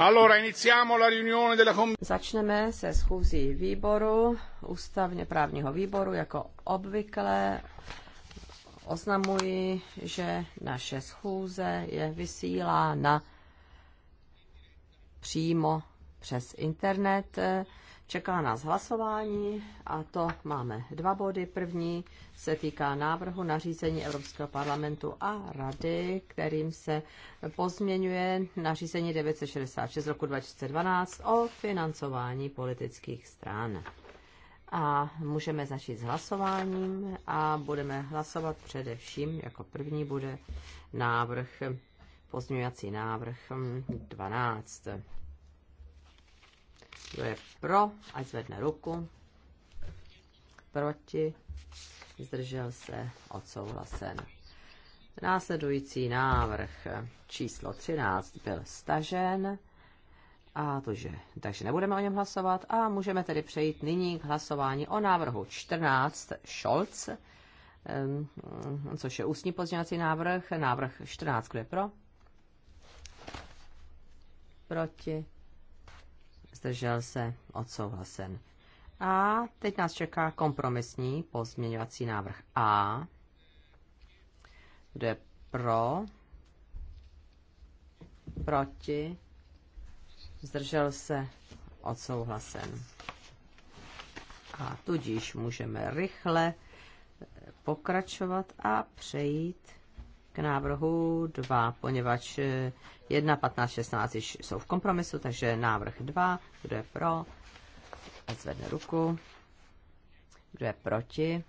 Allora, iniziamo la riunione della Začneme se schůzí výboru, ústavně právního výboru, jako obvykle. Oznamuji, že naše schůze je vysílána přímo přes internet Čeká nás hlasování a to máme dva body. První se týká návrhu nařízení Evropského parlamentu a rady, kterým se pozměňuje nařízení 966 roku 2012 o financování politických stran. A můžeme začít s hlasováním a budeme hlasovat především, jako první bude návrh, pozměňovací návrh 12. Kdo je pro, ať zvedne ruku. Proti, zdržel se, odsouhlasen. Následující návrh číslo 13 byl stažen, a to, že, takže nebudeme o něm hlasovat a můžeme tedy přejít nyní k hlasování o návrhu 14 Scholz, což je ústní pozměňovací návrh, návrh 14, kdo je pro? Proti? zdržel se, odsouhlasen. A teď nás čeká kompromisní pozměňovací návrh A. Kdo je pro? Proti? Zdržel se? Odsouhlasen. A tudíž můžeme rychle pokračovat a přejít návrhu 2, poněvadž 1, 15, 16 již jsou v kompromisu, takže návrh 2, kdo je pro, ať zvedne ruku, kdo je proti,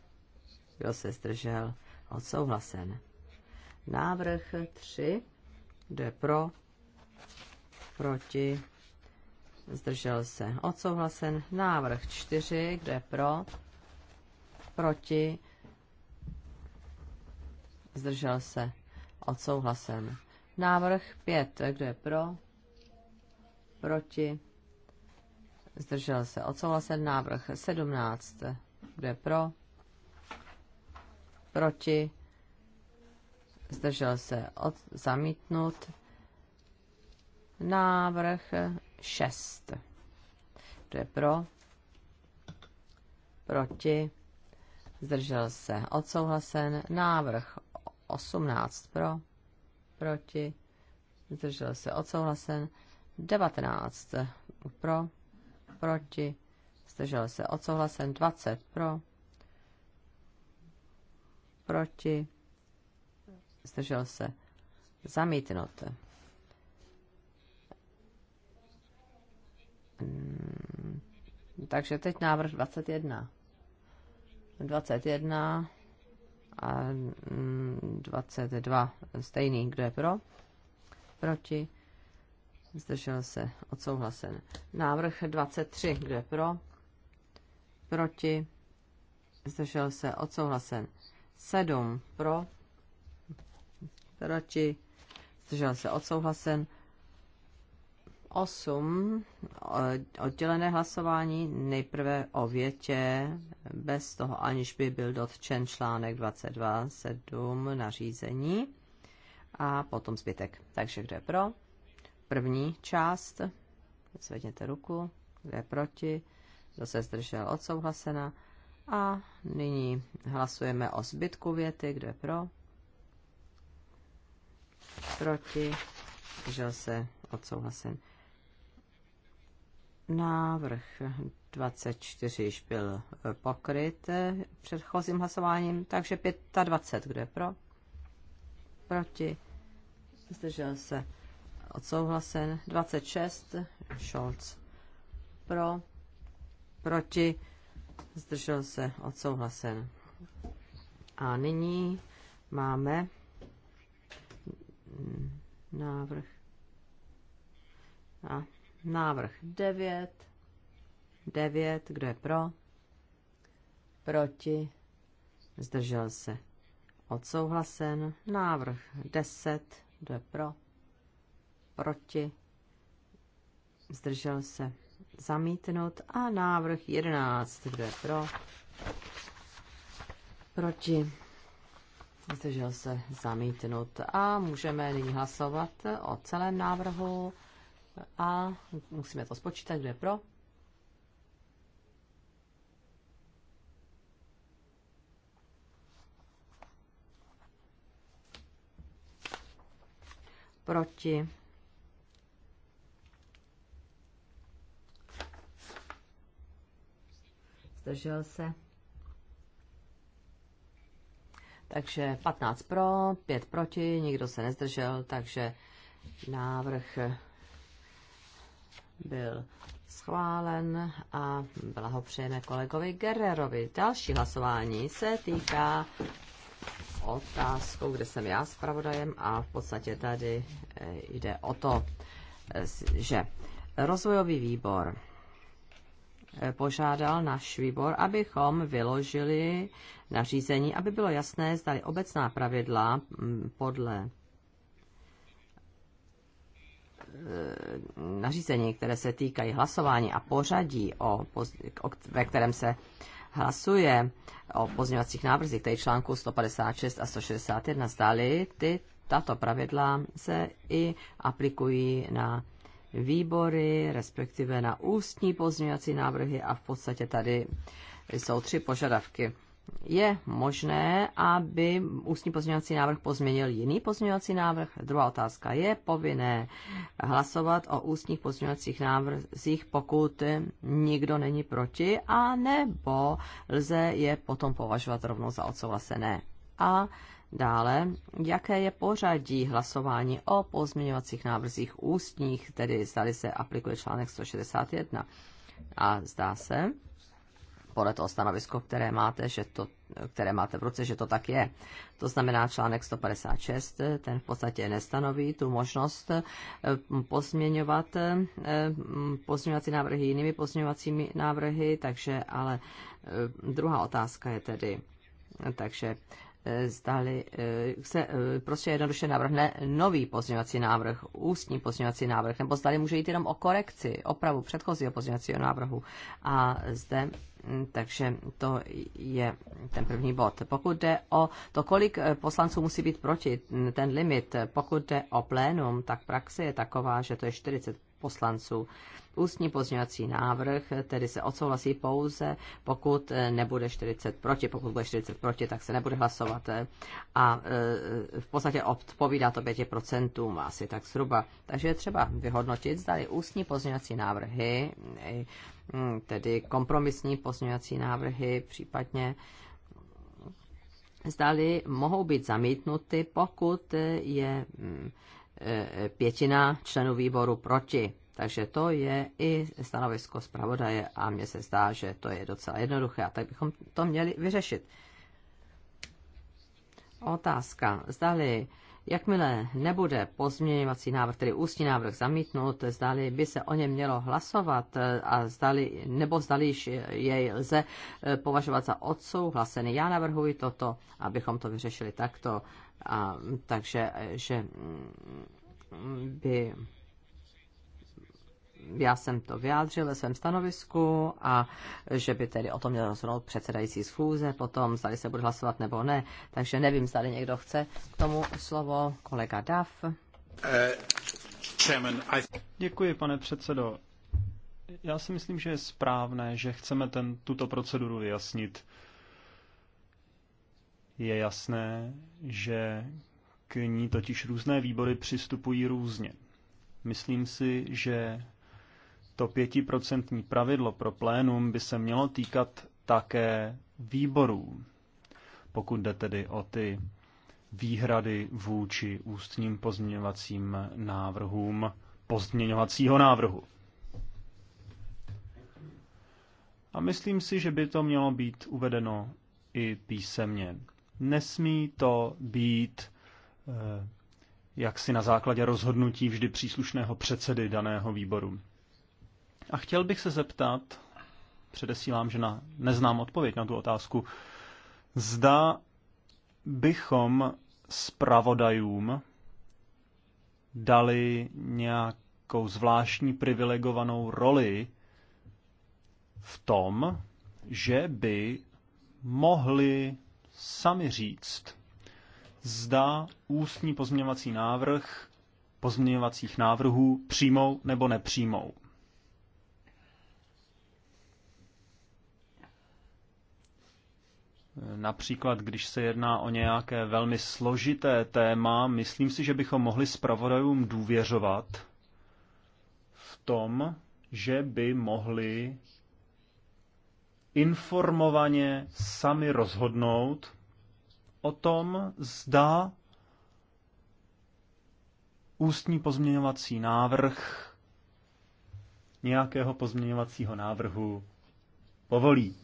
kdo se zdržel, odsouhlasen. Návrh 3, kdo je pro, proti, zdržel se, odsouhlasen. Návrh 4, kdo je pro, proti, zdržel se, odsouhlasen. Návrh 5. Kdo je pro? Proti? Zdržel se. Odsouhlasen návrh 17. Kdo je pro? Proti? Zdržel se. Od, zamítnut. Návrh 6. Kdo je pro? Proti? Zdržel se. Odsouhlasen. Návrh 18 pro, proti, zdržel se odsouhlasen, 19 pro, proti, zdržel se odsouhlasen, 20 pro, proti, zdržel se zamítnut. Hmm, takže teď návrh 21. 21 a 22 mm, stejný. Kdo je pro? Proti? Zdržel se. Odsouhlasen. Návrh 23. Kdo je pro? Proti? Zdržel se. Odsouhlasen. 7 pro? Proti? Zdržel se. Odsouhlasen. 8. Eh, oddělené hlasování nejprve o větě, bez toho aniž by byl dotčen článek 22.7 nařízení a potom zbytek. Takže kdo je pro? První část, zvedněte ruku, kdo je proti, kdo se zdržel odsouhlasena. A nyní hlasujeme o zbytku věty, kdo je pro, proti, zdržel se odsouhlasen. Návrh 24 již byl pokryt předchozím hlasováním, takže 25, kdo je pro? Proti? Zdržel se odsouhlasen. 26, Scholz pro? Proti? Zdržel se odsouhlasen. A nyní máme návrh. A Návrh 9. 9. Kdo je pro? Proti? Zdržel se. Odsouhlasen. Návrh 10. Kdo je pro? Proti? Zdržel se. Zamítnut. A návrh 11. Kdo je pro? Proti? Zdržel se. Zamítnut. A můžeme nyní hlasovat o celém návrhu. A musíme to spočítat, kdo je pro. Proti. Zdržel se. Takže 15 pro, 5 proti, nikdo se nezdržel, takže návrh byl schválen a blahopřejeme kolegovi Gererovi. Další hlasování se týká otázkou, kde jsem já zpravodajem a v podstatě tady eh, jde o to, eh, že rozvojový výbor eh, požádal náš výbor, abychom vyložili nařízení, aby bylo jasné, zda obecná pravidla mm, podle Eh, nařízení, které se týkají hlasování a pořadí, o, o, ve kterém se hlasuje o pozměňovacích návrzích, tedy článku 156 a 161, stály, ty, tato pravidla se i aplikují na výbory, respektive na ústní pozměňovací návrhy a v podstatě tady jsou tři požadavky je možné, aby ústní pozměňovací návrh pozměnil jiný pozměňovací návrh? Druhá otázka. Je povinné hlasovat o ústních pozměňovacích návrzích, pokud nikdo není proti, a nebo lze je potom považovat rovnou za odsouhlasené? A dále, jaké je pořadí hlasování o pozměňovacích návrzích ústních, tedy zdali se aplikuje článek 161? A zdá se, podle toho stanovisko, které máte, že to, které máte v ruce, že to tak je. To znamená článek 156, ten v podstatě nestanoví tu možnost eh, pozměňovat eh, pozměňovací návrhy jinými pozměňovacími návrhy, takže ale eh, druhá otázka je tedy, takže zdali eh, se eh, prostě jednoduše navrhne nový pozměňovací návrh, ústní pozměňovací návrh, nebo zdali může jít jenom o korekci, opravu předchozího pozměňovacího návrhu. A zde hm, takže to je ten první bod. Pokud jde o to, kolik eh, poslanců musí být proti, hm, ten limit, pokud jde o plénum, tak praxe je taková, že to je 40 poslanců. Ústní pozměňovací návrh tedy se odsouhlasí pouze, pokud eh, nebude 40 proti. Pokud bude 40 proti, tak se nebude hlasovat. A eh, v podstatě odpovídá to 5% asi tak zhruba. Takže je třeba vyhodnotit, zda ústní pozměňovací návrhy, hm, tedy kompromisní pozměňovací návrhy, případně zdali mohou být zamítnuty, pokud je hm, Eh, pětina členů výboru proti. Takže to je i stanovisko zpravodaje a mně se zdá, že to je docela jednoduché a tak bychom to měli vyřešit. Otázka. Zdali, jakmile nebude pozměňovací návrh, tedy ústní návrh zamítnut, zdali by se o něm mělo hlasovat eh, a zdali, nebo zdali jej lze eh, považovat za odsouhlasený. Já navrhuji toto, abychom to vyřešili takto. A, takže, že mm, by já jsem to vyjádřil ve svém stanovisku a že by tedy o tom měl rozhodnout předsedající schůze, potom zda se bude hlasovat nebo ne. Takže nevím, zda někdo chce k tomu slovo. Kolega Duff. Eh, Děkuji, pane předsedo. Já si myslím, že je správné, že chceme ten, tuto proceduru vyjasnit. Je jasné, že k ní totiž různé výbory přistupují různě. Myslím si, že to pětiprocentní pravidlo pro plénum by se mělo týkat také výborů, pokud jde tedy o ty výhrady vůči ústním pozměňovacím návrhům pozměňovacího návrhu. A myslím si, že by to mělo být uvedeno i písemně. Nesmí to být Eh, jaksi na základě rozhodnutí vždy příslušného předsedy daného výboru. A chtěl bych se zeptat, předesílám, že na, neznám odpověď na tu otázku, zda bychom spravodajům dali nějakou zvláštní privilegovanou roli v tom, že by mohli sami říct, zda ústní pozměňovací návrh pozměňovacích návrhů přijmou nebo nepřijmou. Například, když se jedná o nějaké velmi složité téma, myslím si, že bychom mohli zpravodajům důvěřovat v tom, že by mohli informovaně sami rozhodnout, o tom, zda ústní pozměňovací návrh nějakého pozměňovacího návrhu povolí.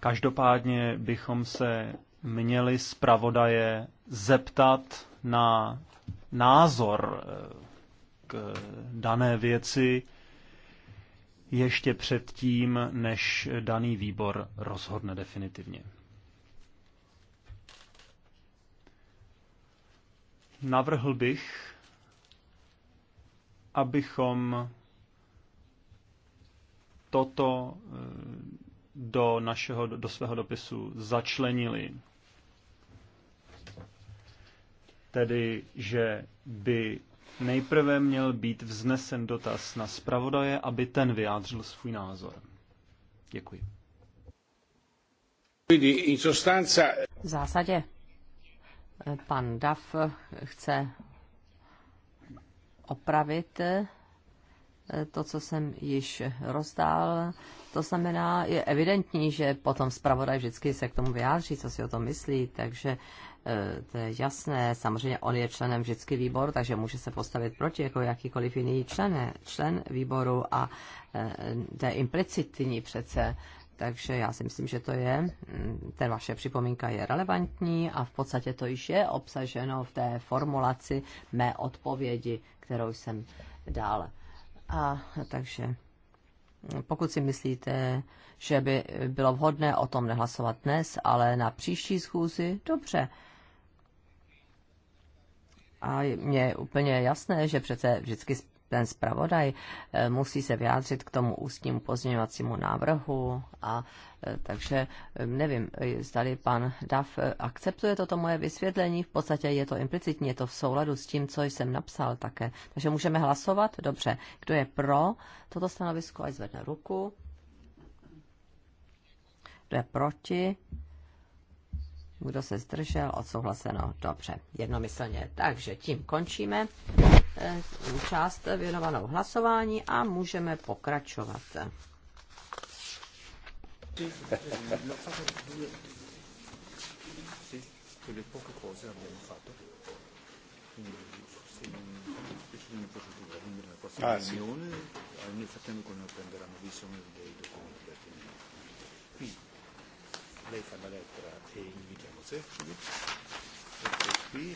Každopádně bychom se měli zpravodaje zeptat na názor eh, k dané věci, ještě předtím, než daný výbor rozhodne definitivně. Navrhl bych, abychom toto eh, do, našeho, do svého dopisu začlenili. Tedy, že by Nejprve měl být vznesen dotaz na zpravodaje, aby ten vyjádřil svůj názor. Děkuji. V zásadě pan Daf chce opravit to, co jsem již rozdál to znamená, je evidentní, že potom zpravodaj vždycky se k tomu vyjádří, co si o tom myslí, takže e, to je jasné. Samozřejmě on je členem vždycky výboru, takže může se postavit proti jako jakýkoliv jiný člen, člen výboru a e, to je implicitní přece. Takže já si myslím, že to je, mm, ten vaše připomínka je relevantní a v podstatě to již je obsaženo v té formulaci mé odpovědi, kterou jsem dal. A takže pokud si myslíte, že by bylo vhodné o tom nehlasovat dnes, ale na příští schůzi, dobře. A mě je úplně jasné, že přece vždycky ten zpravodaj eh, musí se vyjádřit k tomu ústnímu pozměňovacímu návrhu a eh, takže eh, nevím, zdali pan Daf akceptuje toto moje vysvětlení, v podstatě je to implicitně, je to v souladu s tím, co jsem napsal také. Takže můžeme hlasovat? Dobře. Kdo je pro toto stanovisko, ať zvedne ruku. Kdo je proti? Kdo se zdržel? Odsouhlaseno. Dobře, jednomyslně. Takže tím končíme eh, část věnovanou hlasování a můžeme pokračovat. ah, sì. Quindi lei fa la lettera e invitiamo Sefcovic, e poi qui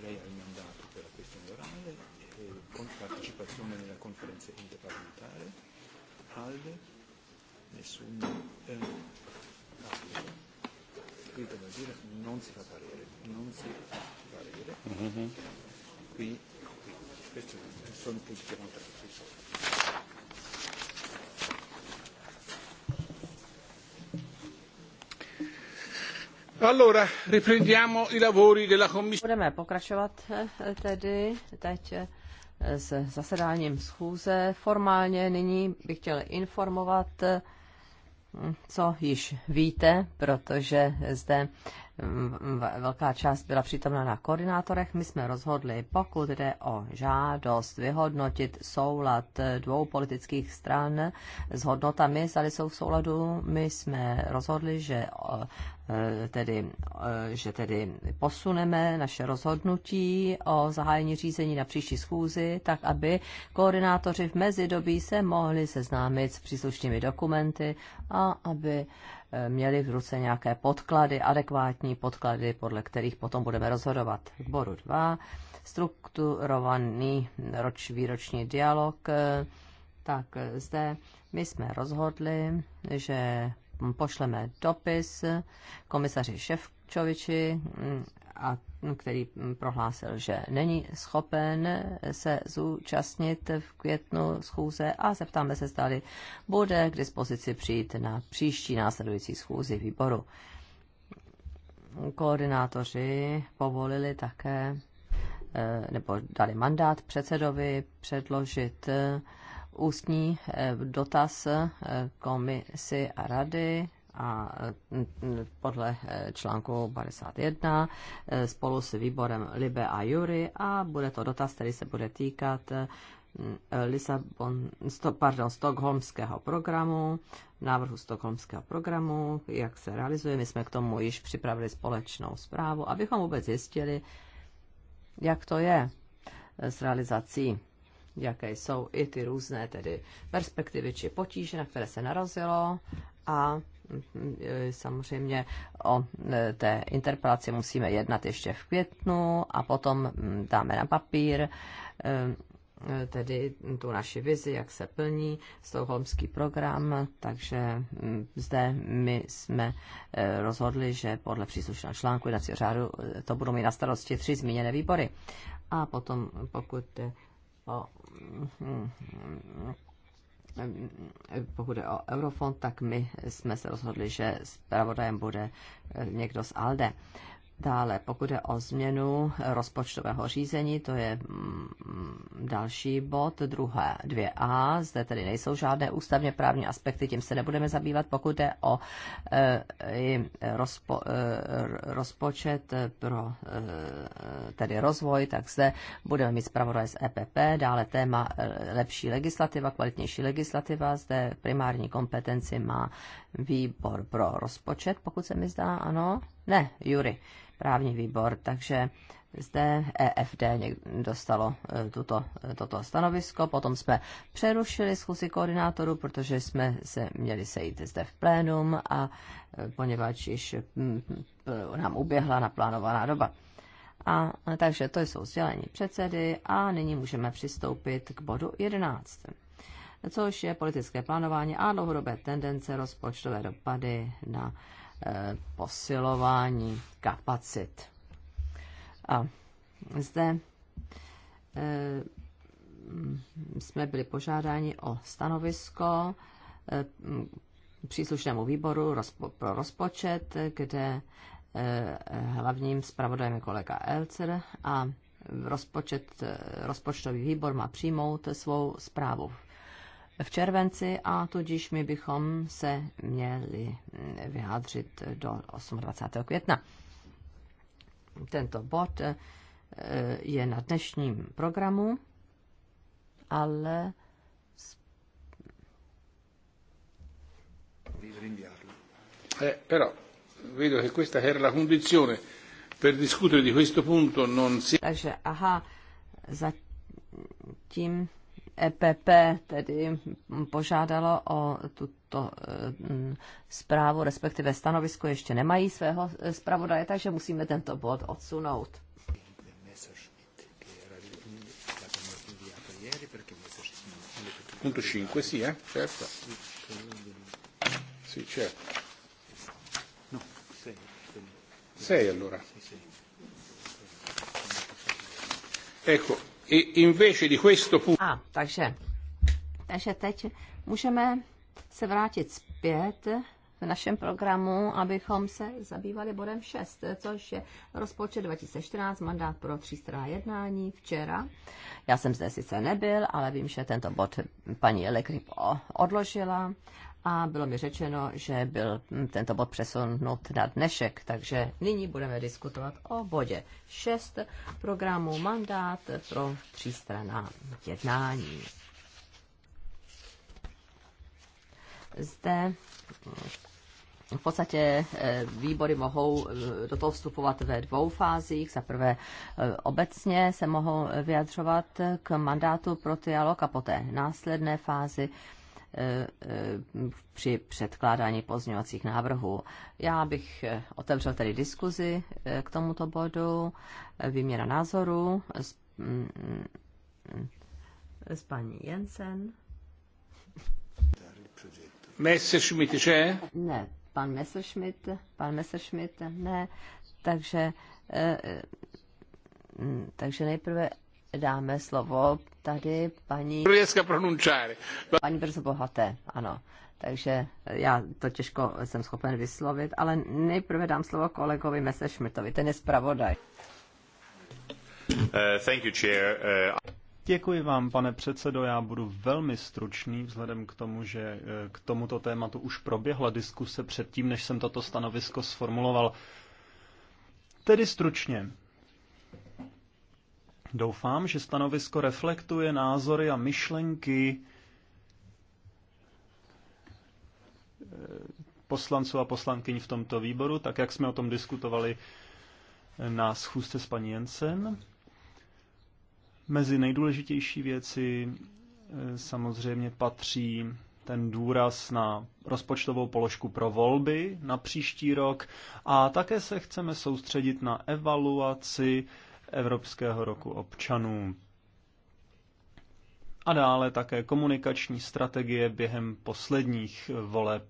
lei ha il mandato per la questione orale, e con partecipazione nella conferenza interparlamentare, ALDE, nessun... Eh, no, qui devo dire non si fa parere, non si fa parere, mm-hmm. qui, qui, questi sono punti che non per tutti i soldi. Allora, riprendiamo i lavori della commissione. Budeme pokračovat eh, tedy teď eh, s zasedáním schůze. Formálně nyní bych chtěl informovat, eh, co již víte, protože zde velká část byla přítomna na koordinátorech, my jsme rozhodli, pokud jde o žádost vyhodnotit soulad dvou politických stran s hodnotami, zda jsou v souladu, my jsme rozhodli, že e, tedy, e, že tedy posuneme naše rozhodnutí o zahájení řízení na příští schůzi, tak aby koordinátoři v mezidobí se mohli seznámit s příslušnými dokumenty a aby měli v ruce nějaké podklady, adekvátní podklady, podle kterých potom budeme rozhodovat. K bodu 2. Strukturovaný roč, výroční dialog. Tak zde my jsme rozhodli, že pošleme dopis komisaři Ševčoviči a který prohlásil, že není schopen se zúčastnit v květnu schůze a zeptáme se, zdali bude k dispozici přijít na příští následující schůzi výboru. Koordinátoři povolili také eh, nebo dali mandát předsedovi předložit eh, ústní eh, dotaz komisi a rady a mm, mm, podle eh, článku 51 eh, spolu s výborem Libe a Jury a bude to dotaz, který se bude týkat eh, mm, Lisabon, sto, pardon, Stockholmského programu, návrhu Stockholmského programu, jak se realizuje. My jsme k tomu již připravili společnou zprávu, abychom vůbec zjistili, jak to je s realizací, jaké jsou i ty různé tedy perspektivy či potíže, na které se narazilo a e, samozřejmě o e, té interpelaci musíme jednat ještě v květnu a potom mm, dáme na papír e, tedy tu naši vizi, jak se plní stokholmský program, takže mm, zde my jsme rozhodli, že podle příslušného článku jednacího řádu to budou mít na starosti tři zmíněné výbory. A potom, pokud o mm, pokud je o Eurofond, tak my jsme se rozhodli, že zpravodajem bude někdo z ALDE. Dále, pokud je o změnu rozpočtového řízení, to je mm, další bod, druhé 2a. Zde tedy nejsou žádné ústavně právní aspekty, tím se nebudeme zabývat. Pokud je o e, rozpo, e, rozpočet pro e, tedy rozvoj, tak zde budeme mít zpravodaj z EPP. Dále téma e, lepší legislativa, kvalitnější legislativa. Zde primární kompetenci má výbor pro rozpočet, pokud se mi zdá, ano. Ne, Jury, právní výbor, takže zde EFD dostalo e, tuto, e, toto stanovisko. Potom jsme přerušili schůzi koordinátorů, protože jsme se měli sejít zde v plénum a e, poněvadž již nám uběhla naplánovaná doba. A, takže to jsou sdělení předsedy a nyní můžeme přistoupit k bodu 11 což je politické plánování a dlouhodobé tendence rozpočtové dopady na eh, posilování kapacit. A zde eh, jsme byli požádáni o stanovisko eh, příslušnému výboru pro rozpočet, kde hlavním zpravodajem je kolega Elcer a rozpočet, rozpočtový výbor má přijmout svou zprávu v červenci a tudíž my bychom se měli mm, vyjádřit do 28. května. Tento bod eh, je na dnešním programu, ale eh, però vedo che questa era la condizione per discutere di questo punto non si... Takže, aha, zatím EPP tedy požádalo o tuto zprávu, respektive stanovisko, ještě nemají svého zpravodaje, takže musíme tento bod odsunout. Punto 5, sì, eh? Certo. Sì, certo. No, 6. 6 allora. Ecco, E invece di questo punto... takže, takže teď můžeme se vrátit zpět v našem programu, abychom se zabývali bodem 6, což je rozpočet 2014, mandát pro třístranná jednání včera. Já jsem zde sice nebyl, ale vím, že tento bod paní Elekrip odložila a bylo mi řečeno, že byl tento bod přesunut na dnešek, takže nyní budeme diskutovat o bodě 6 programu mandát pro třístraná jednání. Zde v podstatě eh, výbory mohou eh, do toho vstupovat ve dvou fázích. Za prvé eh, obecně se mohou vyjadřovat k mandátu pro dialog a poté následné fázi Eh, eh, při předkládání pozměňovacích návrhů. Já bych eh, otevřel tedy diskuzi k tomuto bodu, výměna názoru. s, mm, s paní Jensen. Messerschmitt, že? Ne, pan Messerschmitt, pan Messerschmitt, ne. Takže, mm, takže nejprve dáme slovo tady paní... Paní Brzo Bohaté, ano. Takže já to těžko jsem schopen vyslovit, ale nejprve dám slovo kolegovi Šmrtovi, ten je zpravodaj. Uh, thank you, chair. Uh... Děkuji vám, pane předsedo. Já budu velmi stručný, vzhledem k tomu, že eh, k tomuto tématu už proběhla diskuse předtím, než jsem toto stanovisko sformuloval. Tedy stručně. Doufám, že stanovisko reflektuje názory a myšlenky eh, poslanců a poslankyň v tomto výboru, tak jak jsme o tom diskutovali na schůzce s paní Jensen. Mezi nejdůležitější věci eh, samozřejmě patří ten důraz na rozpočtovou položku pro volby na příští rok a také se chceme soustředit na evaluaci Evropského roku občanů. A dále také komunikační strategie během posledních voleb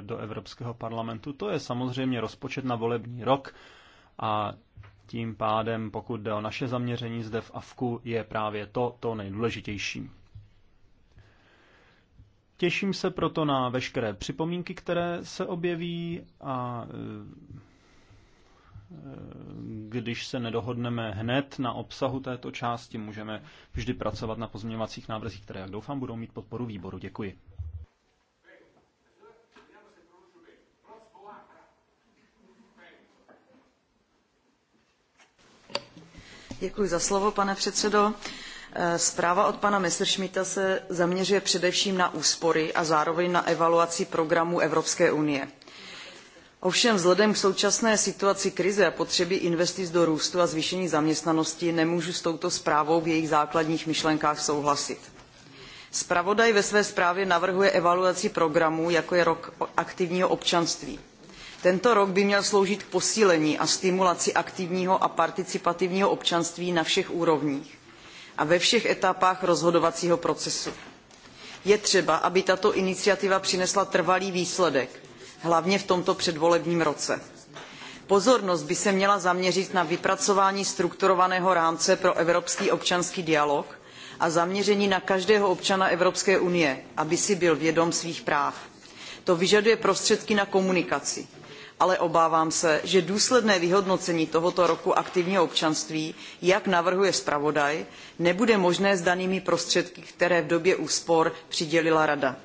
do Evropského parlamentu. To je samozřejmě rozpočet na volební rok a tím pádem, pokud jde o naše zaměření zde v AFKu, je právě to to nejdůležitější. Těším se proto na veškeré připomínky, které se objeví a když se nedohodneme hned na obsahu této části, můžeme vždy pracovat na pozměňovacích návrzích, které, jak doufám, budou mít podporu výboru. Děkuji. Děkuji za slovo, pane předsedo. Eh, zpráva od pana Messerschmitta se zaměřuje především na úspory a zároveň na evaluaci programů Evropské unie Ovšem vzhledem k současné situaci krize a potřebě investic do růstu a zvýšení zaměstnanosti nemůžu s touto zprávou v jejich základních myšlenkách souhlasit. Spravodaj ve své zprávě navrhuje evaluaci programů, jako je rok aktivního občanství. Tento rok by měl sloužit k posílení a stimulaci aktivního a participativního občanství na všech úrovních a ve všech etapách rozhodovacího procesu. Je třeba, aby tato iniciativa přinesla trvalý výsledek, hlavně v tomto předvolebním roce. Pozornost by se měla zaměřit na vypracování strukturovaného rámce pro evropský občanský dialog a zaměření na každého občana Evropské unie, aby si byl vědom svých práv. To vyžaduje prostředky na komunikaci, ale obávám se, že důsledné vyhodnocení tohoto roku aktivního občanství, jak navrhuje zpravodaj, nebude možné s danými prostředky, které v době úspor přidělila Rada.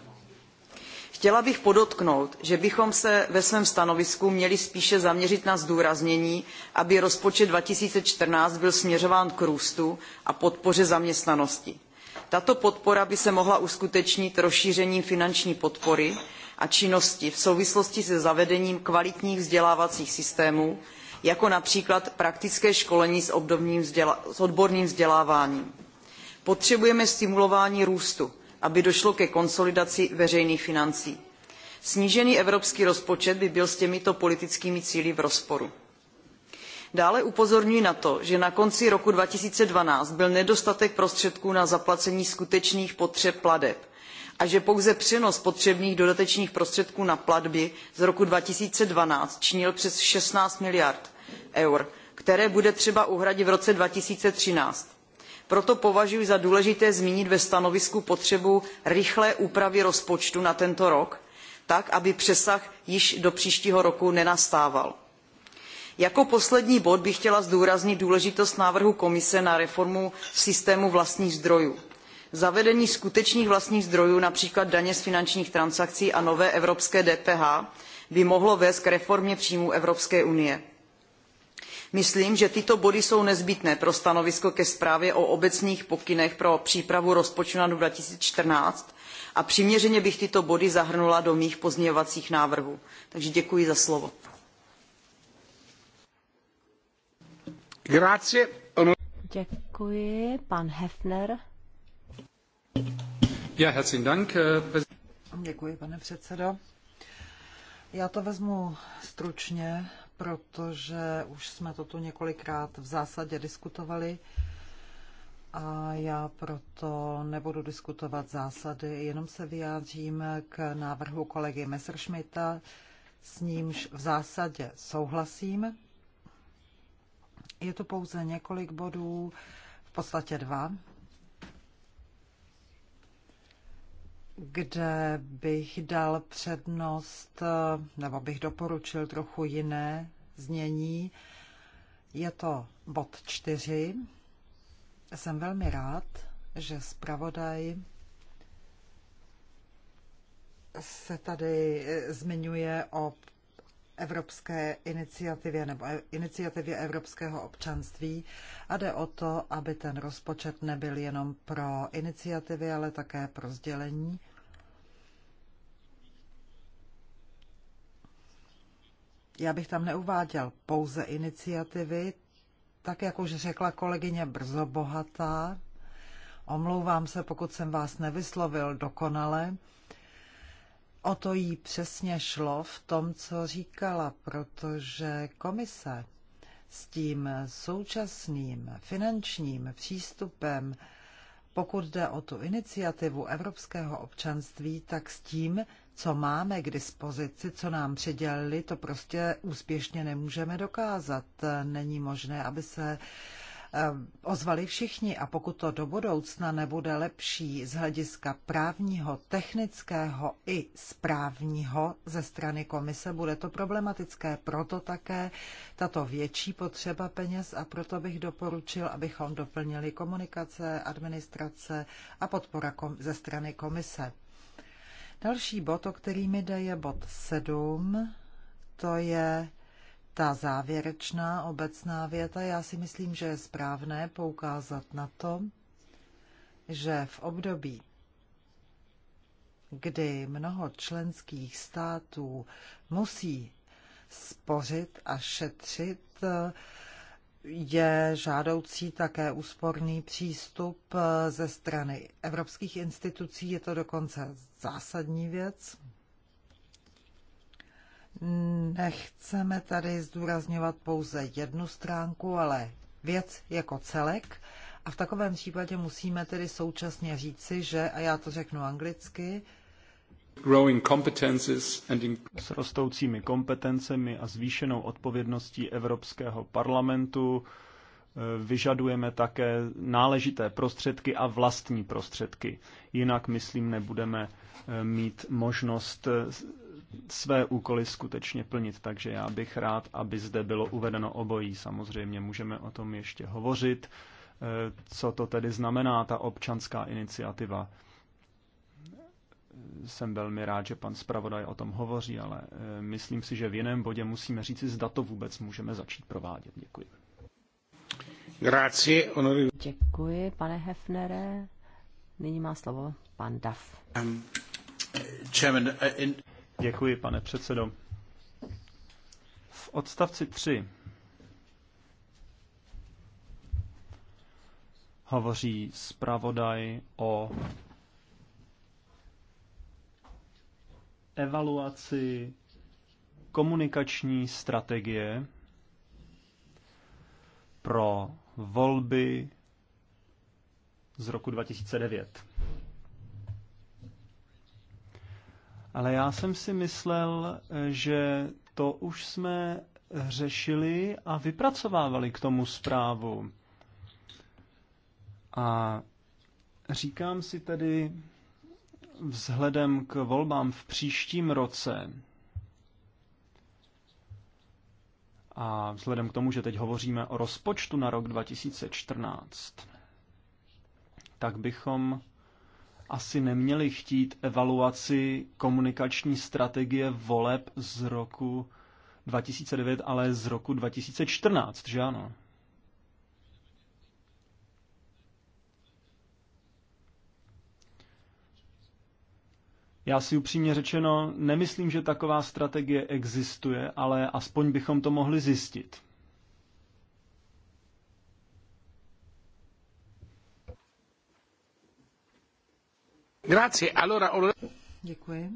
Chtěla bych podotknout, že bychom se ve svém stanovisku měli spíše zaměřit na zdůraznění, aby rozpočet 2014 byl směřován k růstu a podpoře zaměstnanosti. Tato podpora by se mohla uskutečnit rozšířením finanční podpory a činnosti v souvislosti se zavedením kvalitních vzdělávacích systémů, jako například praktické školení s, obdobným s odborným vzděláváním. Potřebujeme stimulování růstu, aby došlo ke konsolidaci veřejných financí. Snížený evropský rozpočet by byl s těmito politickými cíli v rozporu. Dále upozorňuji na to, že na konci roku 2012 byl nedostatek prostředků na zaplacení skutečných potřeb pladeb a že pouze přenos potřebných dodatečných prostředků na platby z roku 2012 činil přes 16 miliard eur, které bude třeba uhradit v roce 2013 proto považuji za důležité zmínit ve stanovisku potřebu rychlé úpravy rozpočtu na tento rok tak aby přesah již do příštího roku nenastával. jako poslední bod bych chtěla zdůraznit důležitost návrhu komise na reformu systému vlastních zdrojů. zavedení skutečných vlastních zdrojů například daně z finančních transakcí a nové evropské dph by mohlo vést k reformě příjmů evropské unie Myslím, že tyto body jsou nezbytné pro stanovisko ke zprávě o obecných pokynech pro přípravu rozpočtu na 2014 a přiměřeně bych tyto body zahrnula do mých pozměňovacích návrhů. Takže děkuji za slovo. Děkuji. Hefner. Ja, eh, Děkuji, pane předsedo. Já to vezmu stručně, protože už jsme to tu několikrát v zásadě diskutovali a já proto nebudu diskutovat zásady, jenom se vyjádřím k návrhu kolegy Messerschmitta, s nímž v zásadě souhlasím. Je tu pouze několik bodů, v podstatě dva, kde bych dal přednost, eh, nebo bych doporučil trochu jiné znění. Je to bod čtyři. Jsem velmi rád, že zpravodaj se tady eh, zmiňuje o evropské iniciativě nebo e- iniciativě evropského občanství a jde o to, aby ten rozpočet nebyl jenom pro iniciativy, ale také pro sdělení. Já bych tam neuváděl pouze iniciativy, tak jak už řekla kolegyně Brzo Bohatá, omlouvám se, pokud jsem vás nevyslovil dokonale, o to jí přesně šlo v tom, co říkala, protože komise s tím současným finančním přístupem, pokud jde o tu iniciativu evropského občanství, tak s tím, co máme k dispozici, co nám přidělili, to prostě úspěšně nemůžeme dokázat. Není možné, aby se Eh, ozvali všichni a pokud to do budoucna nebude lepší z hlediska právního, technického i správního ze strany komise, bude to problematické. Proto také tato větší potřeba peněz a proto bych doporučil, abychom doplnili komunikace, administrace a podpora ze strany komise. Další bod, o který mi jde, je bod 7. To je ta závěrečná obecná věta, já si myslím, že je správné poukázat na to, že v období, kdy mnoho členských států musí spořit a šetřit, je žádoucí také úsporný přístup ze strany evropských institucí. Je to dokonce zásadní věc, Nechceme tady zdůrazňovat pouze jednu stránku, ale věc jako celek. A v takovém případě musíme tedy současně říci, že, a já to řeknu anglicky, s rostoucími kompetencemi a zvýšenou odpovědností Evropského parlamentu eh, vyžadujeme také náležité prostředky a vlastní prostředky. Jinak, myslím, nebudeme eh, mít možnost eh, své úkoly skutečně plnit. Takže já bych rád, aby zde bylo uvedeno obojí. Samozřejmě můžeme o tom ještě hovořit, eh, co to tedy znamená ta občanská iniciativa. Jsem velmi rád, že pan zpravodaj o tom hovoří, ale eh, myslím si, že v jiném bodě musíme říci, zda to vůbec můžeme začít provádět. Děkuji. Grazie, Děkuji, pane Hefnere. Nyní má slovo pan Duff. Um, eh, chairman, uh, in... Děkuji, pane předsedo. V odstavci 3 hovoří zpravodaj o evaluaci komunikační strategie pro volby z roku 2009. Ale já jsem si myslel, že to už jsme řešili a vypracovávali k tomu zprávu. A říkám si tedy vzhledem k volbám v příštím roce a vzhledem k tomu, že teď hovoříme o rozpočtu na rok 2014, tak bychom asi neměli chtít evaluaci komunikační strategie voleb z roku 2009, ale z roku 2014, že ano? Já si upřímně řečeno nemyslím, že taková strategie existuje, ale aspoň bychom to mohli zjistit. Děkuji.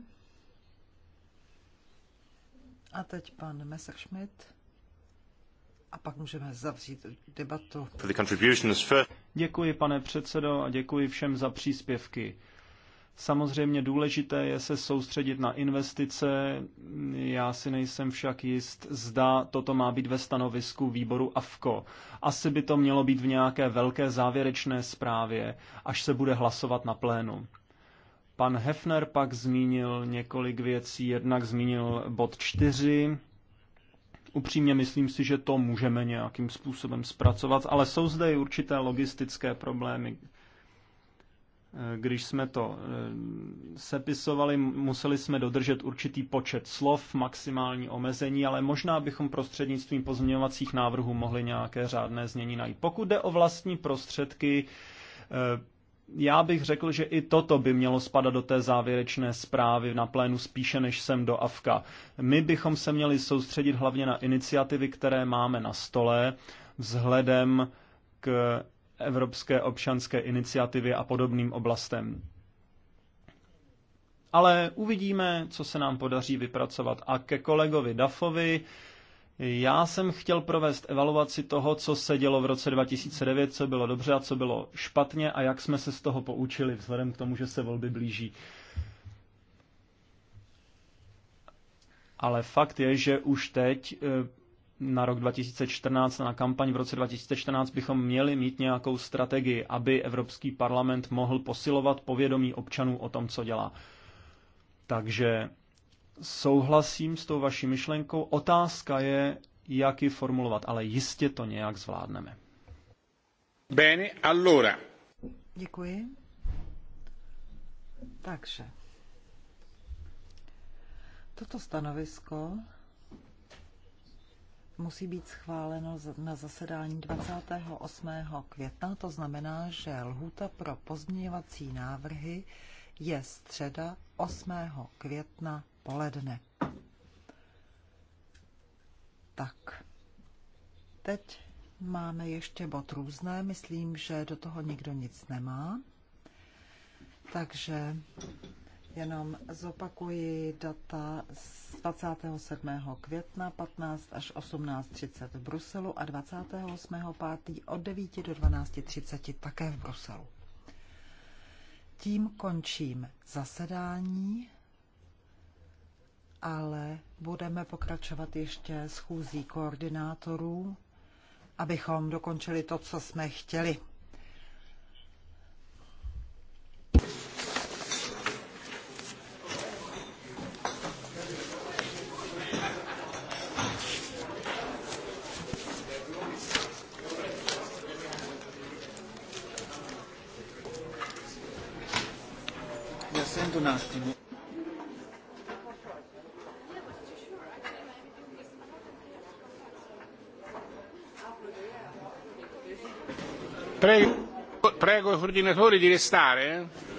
A teď pan Messerschmidt. A pak můžeme zavřít debatu. Děkuji, pane předsedo, a děkuji všem za příspěvky. Samozřejmě důležité je se soustředit na investice. Já si nejsem však jist, zda toto má být ve stanovisku výboru AFKO. Asi by to mělo být v nějaké velké závěrečné zprávě, až se bude hlasovat na plénu. Pan Hefner pak zmínil několik věcí, jednak zmínil bod 4. Upřímně myslím si, že to můžeme nějakým způsobem zpracovat, ale jsou zde i určité logistické problémy. Když jsme to eh, sepisovali, museli jsme dodržet určitý počet slov, maximální omezení, ale možná bychom prostřednictvím pozměňovacích návrhů mohli nějaké řádné změní najít. Pokud jde o vlastní prostředky, eh, já bych řekl, že i toto by mělo spadat do té závěrečné zprávy na plénu spíše než sem do AFKA. My bychom se měli soustředit hlavně na iniciativy, které máme na stole, vzhledem k Evropské občanské iniciativě a podobným oblastem. Ale uvidíme, co se nám podaří vypracovat. A ke kolegovi Dafovi, já jsem chtěl provést evaluaci toho, co se dělo v roce 2009, co bylo dobře a co bylo špatně a jak jsme se z toho poučili, vzhledem k tomu, že se volby blíží. Ale fakt je, že už teď eh, na rok 2014, na kampaň v roce 2014 bychom měli mít nějakou strategii, aby Evropský parlament mohl posilovat povědomí občanů o tom, co dělá. Takže souhlasím s tou vaší myšlenkou. Otázka je, jak ji formulovat, ale jistě to nějak zvládneme. Bene, allora. Děkuji. Takže. Toto stanovisko musí být schváleno na zasedání 28. května, to znamená, že lhůta pro pozměňovací návrhy je středa 8. května poledne. Tak, teď máme ještě bod různé. Myslím, že do toho nikdo nic nemá. Takže Jenom zopakuji data z 27. května 15 až 18.30 v Bruselu a 28.5. 5. od 9 do 12.30 také v Bruselu. Tím končím zasedání ale budeme pokračovat ještě schůzí koordinátorů, abychom dokončili to, co jsme chtěli. coordinatori di restare?